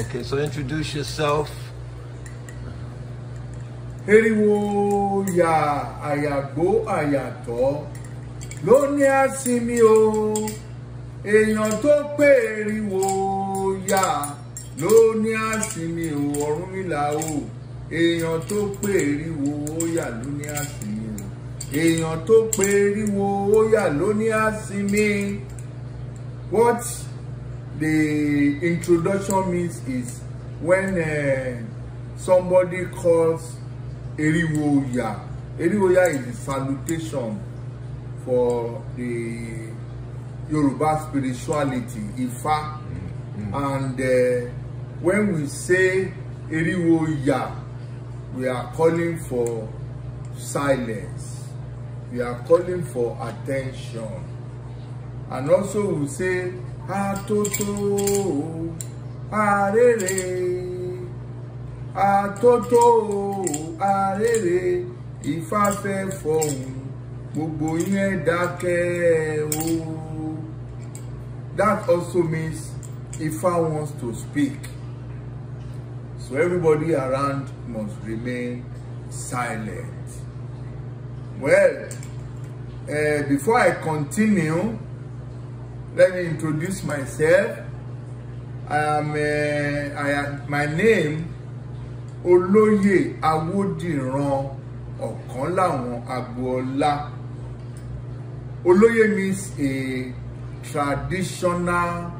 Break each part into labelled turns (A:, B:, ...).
A: Okay, so introduce yourself. Eriwo ya àyàgbó àyàtọ̀ ló ní o. Èèyàn tó pé eriwo ya ló ní àsinmi o. Ọ̀rúnmìlà o. Èèyàn tó pé eriwo ya ló ní o. Èèyàn tó pé eriwo ya ló ní What? the introduction means is when uh, somebody calls Eriwoya. Eriwoya is the salutation for the Yoruba spirituality, Ifa. Mm. Mm-hmm. And uh, when we say Eriwoya, we are calling for silence. We are calling for attention. And also we say àtótó arére àtótó arére ìfáfẹ́ fọ̀hún gbogbo yẹn dákẹ́ o. That also means Ifa wants to speak. So everybody around must remain silent. Well, uh, before I continue, let me introduce myself i am uh, i am my name olóyè awódìran ọ̀kánláwọn agboola olóyè means a traditional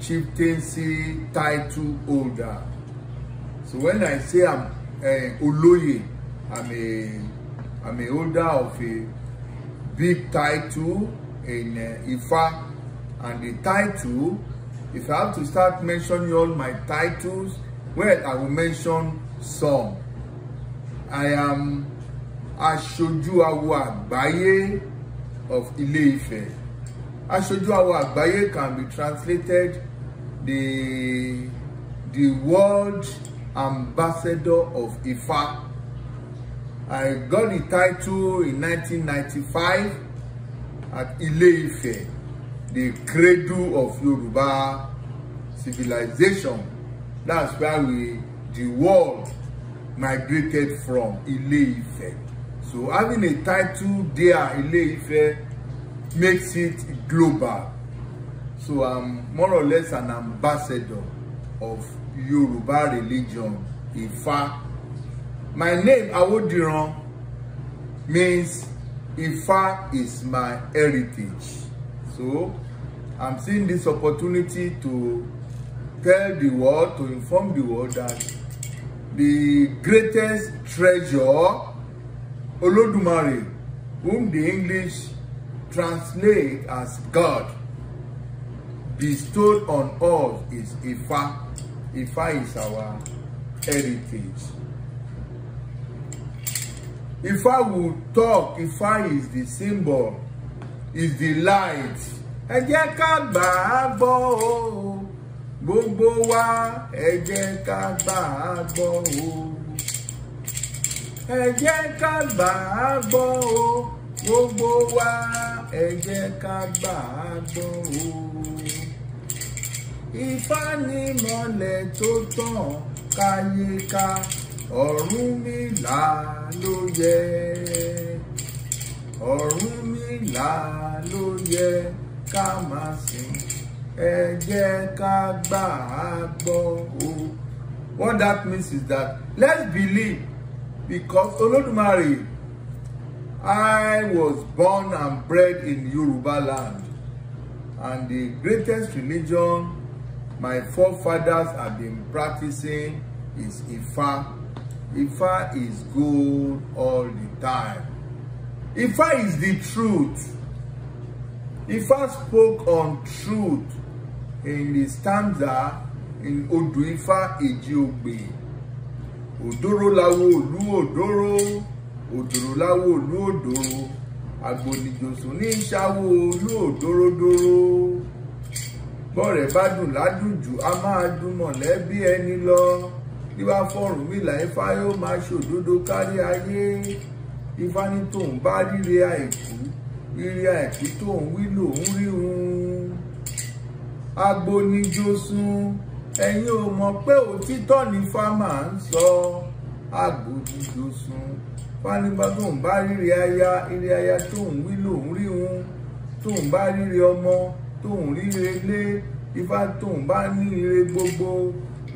A: chieftaincy title holder so when i say i'm uh, olóyè i'm a i'm a holder of a big title in uh, Ifá and the title if I have to start mentioning all my titles well I will mention some I am aṣojú awo àgbáyé of Ile-Ife aṣojú awo àgbáyé can be translated the the world ambassador of Ifa I got the title in 1995 at Ile-Ife the cradle of Yoruba civilization. That's where we, the world migrated from Ile-Ife. So having a title there, Ile-Ife, makes it global. So I'm more or less an ambassador of Yoruba religion, Ifa. My name, Awodiran, means Ifa is my heritage. So I'm seeing this opportunity to tell the world, to inform the world that the greatest treasure, Olodumare, whom the English translate as God, bestowed on us is Ifa. Ifa is our heritage. Ifa will talk, Ifa is the symbol is the light. ẹ jẹ́ ká gbà á gbọ́ o gbogbo wa ẹ jẹ́ ká gbà á gbọ́ o ẹ jẹ́ ká gbà á gbọ́ o gbogbo wa ẹ jẹ́ ká gbà á gbọ́ o. Ifá ni mọ́lẹ̀ tó tàn káyéká Ọ̀rúnmìlà ló yẹ Ọ̀rúnmìlà. hallelujah, ká máa sìn, ẹ jẹ́ ká o. What that means is that let's believe because Olódùmarè I was born and bred in Yoruba land and the greatest religion my forefathers have been practicing is Ifa. Ifa is good all the time. Ifa is the truth. Ifa spoke on truth in the stanza in Odù Ifá Èjìogbè. Òdòrò láwo òlú òdòrò, òdòrò láwo òlú òdòrò, àgbònìjòsùn ní ìṣàwó olú òdòròdòrò. Bọ́rẹ̀ bá dùn ládùjù, a máa dùn mọ̀lẹ́bí ẹni lọ. Bí bá fọ̀rùn mìlà Ifá yóò máa ṣòdodo kárí ayé ifá ní tòun bá ríre àìkú ríre àìkú tóun wí lòun rí òun agbóníjósún ẹ̀yin ò mọ̀ pé òtítọ́ ni fámà ń sọ agbóníjósún fánígbà tóun bá ríre aya ríre aya tóun wí lòun rí òun tóun bá ríre ọmọ tóun ríre lé ifá tóun bá ní ire gbogbo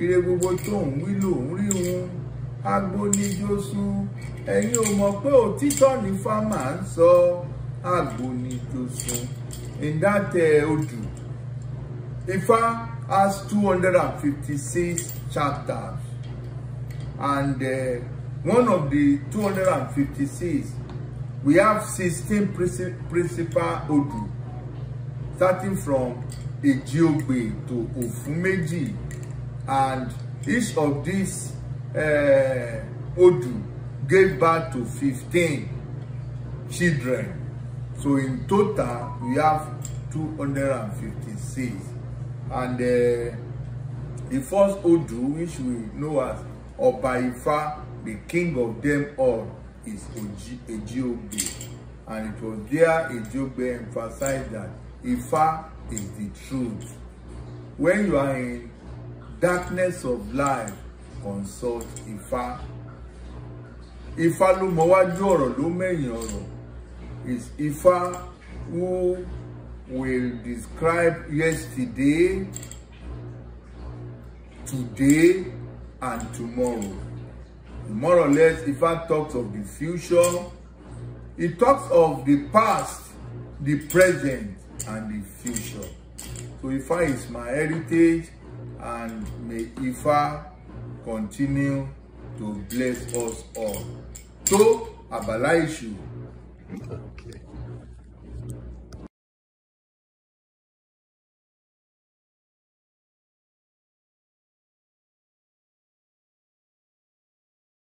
A: ire gbogbo tóun wí lòun rí òun agbónijosu ẹ̀yin ò mọ̀ pé òtítọ́ ní fámà ń sọ agbónijosu in that uh, odù Ifá has two hundred and fifty-six chapters and uh, one of the two hundred and fifty-six we have sixteen principal odù starting from Ejiogbe to Ofumeji and each of these uh, eh, Odu gave birth to 15 children. So in total, we have 256. And uh, the first Odu, which we know as Oba Ifa, the king of them all, is Oji, And it was there Ejiogbe emphasized that Ifa is the truth. When you are in darkness of life, consult ifa Ifá ló mọwájú ọ̀rọ̀ ló mẹ̀yìn ọ̀rọ̀. It's Ifá who will describe yesterday, today, and tomorrow. More or less, ifa talks of the future. He talks of the past, the present, and the future. So ifa is my heritage and may Ifá continue to bless us all. Tó àbàlá ìṣù. Okay.